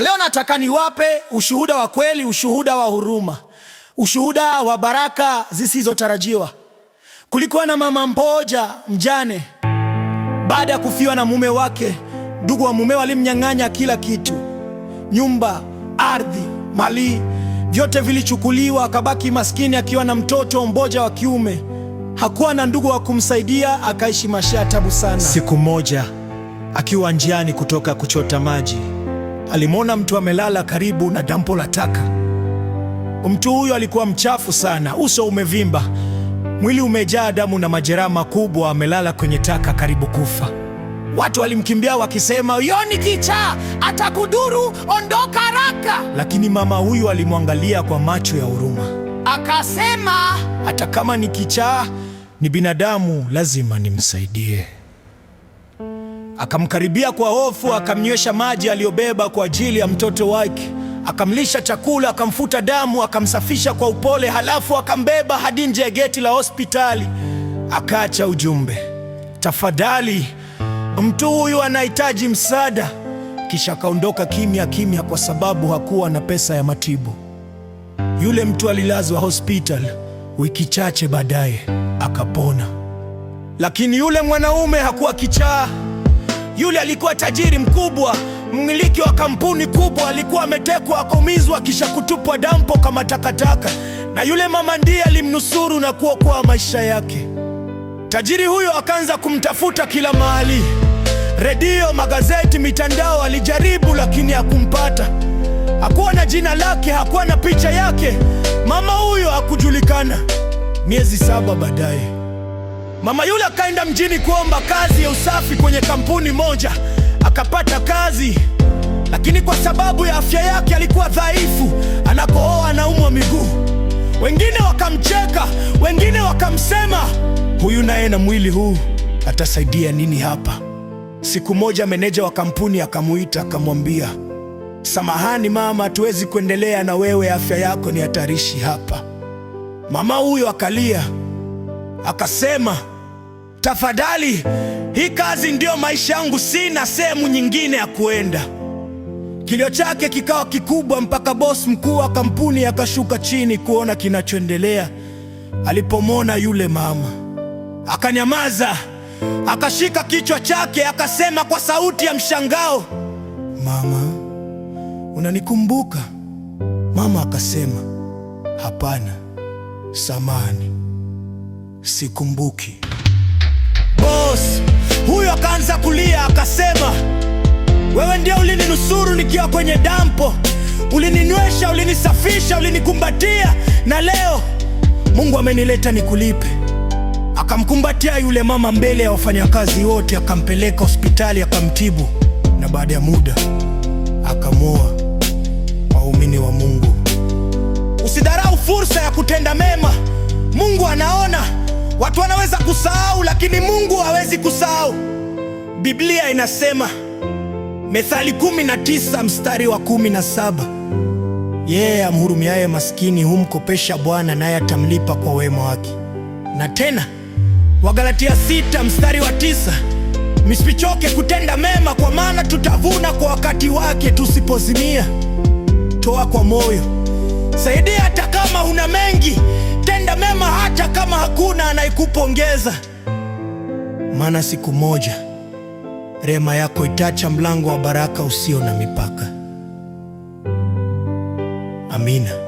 Leo nataka niwape ushuhuda wa kweli, ushuhuda wa huruma, ushuhuda wa baraka zisizotarajiwa. Kulikuwa na mama mmoja mjane, baada ya kufiwa na mume wake, ndugu wa mume walimnyang'anya kila kitu, nyumba, ardhi, mali, vyote vilichukuliwa. Akabaki maskini akiwa na mtoto mmoja wa kiume, hakuwa na ndugu wa kumsaidia, akaishi maisha ya tabu sana. Siku moja, akiwa njiani kutoka kuchota maji alimwona mtu amelala karibu na dampo la taka. Mtu huyo alikuwa mchafu sana, uso umevimba, mwili umejaa damu na majeraha makubwa. Amelala kwenye taka karibu kufa. Watu walimkimbia wakisema, yoni kichaa, atakudhuru, ondoka haraka. Lakini mama huyu alimwangalia kwa macho ya huruma, akasema, hata kama ni kichaa, ni binadamu, lazima nimsaidie. Akamkaribia kwa hofu, akamnywesha maji aliyobeba kwa ajili ya mtoto wake, akamlisha chakula, akamfuta damu, akamsafisha kwa upole, halafu akambeba hadi nje ya geti la hospitali. Akaacha ujumbe, tafadhali, mtu huyu anahitaji msaada. Kisha akaondoka kimya kimya, kwa sababu hakuwa na pesa ya matibu. Yule mtu alilazwa hospital, wiki chache baadaye akapona, lakini yule mwanaume hakuwa kichaa. Yule alikuwa tajiri mkubwa, mmiliki wa kampuni kubwa, alikuwa ametekwa akaumizwa, kisha kutupwa dampo kama takataka, na yule mama ndiye alimnusuru na kuokoa maisha yake. Tajiri huyo akaanza kumtafuta kila mahali, redio, magazeti, mitandao. Alijaribu lakini hakumpata. Hakuwa na jina lake, hakuwa na picha yake. Mama huyo hakujulikana. Miezi saba baadaye Mama yule akaenda mjini kuomba kazi ya usafi kwenye kampuni moja, akapata kazi, lakini kwa sababu ya afya yake alikuwa dhaifu, anapooa anaumwa miguu. Wengine wakamcheka, wengine wakamsema, huyu naye na mwili huu atasaidia nini hapa? Siku moja meneja wa kampuni akamuita, akamwambia, samahani mama, hatuwezi kuendelea na wewe, afya yako ni hatarishi hapa. Mama huyo akalia akasema, tafadhali, hii kazi ndiyo maisha yangu, sina sehemu nyingine ya kuenda. Kilio chake kikawa kikubwa mpaka bosi mkuu wa kampuni akashuka chini kuona kinachoendelea. Alipomwona yule mama akanyamaza, akashika kichwa chake akasema kwa sauti ya mshangao, mama, unanikumbuka? Mama akasema hapana, samani sikumbuki. Boss huyo akaanza kulia akasema, wewe ndio ulininusuru nikiwa kwenye dampo, ulininywesha, ulinisafisha, ulinikumbatia, na leo Mungu amenileta nikulipe. Akamkumbatia yule mama mbele ya wafanyakazi wote, akampeleka hospitali, akamtibu, na baada ya muda akamwoa. Waumini wa Mungu, usidharau fursa ya kutenda mema, Mungu anaona. Watu wanaweza kusahau, lakini Mungu hawezi kusahau. Biblia inasema Methali 19 mstari wa 17, yeye amhurumiaye maskini humkopesha Bwana, naye atamlipa kwa wema wake. Na tena Wagalatia 6 mstari wa tisa msichoke kutenda mema, kwa maana tutavuna kwa wakati wake tusipozimia. Toa kwa moyo, saidia hata kama una mengi Tenda mema hata kama hakuna anayekupongeza, maana siku moja rehema yako itacha mlango wa baraka usio na mipaka. Amina.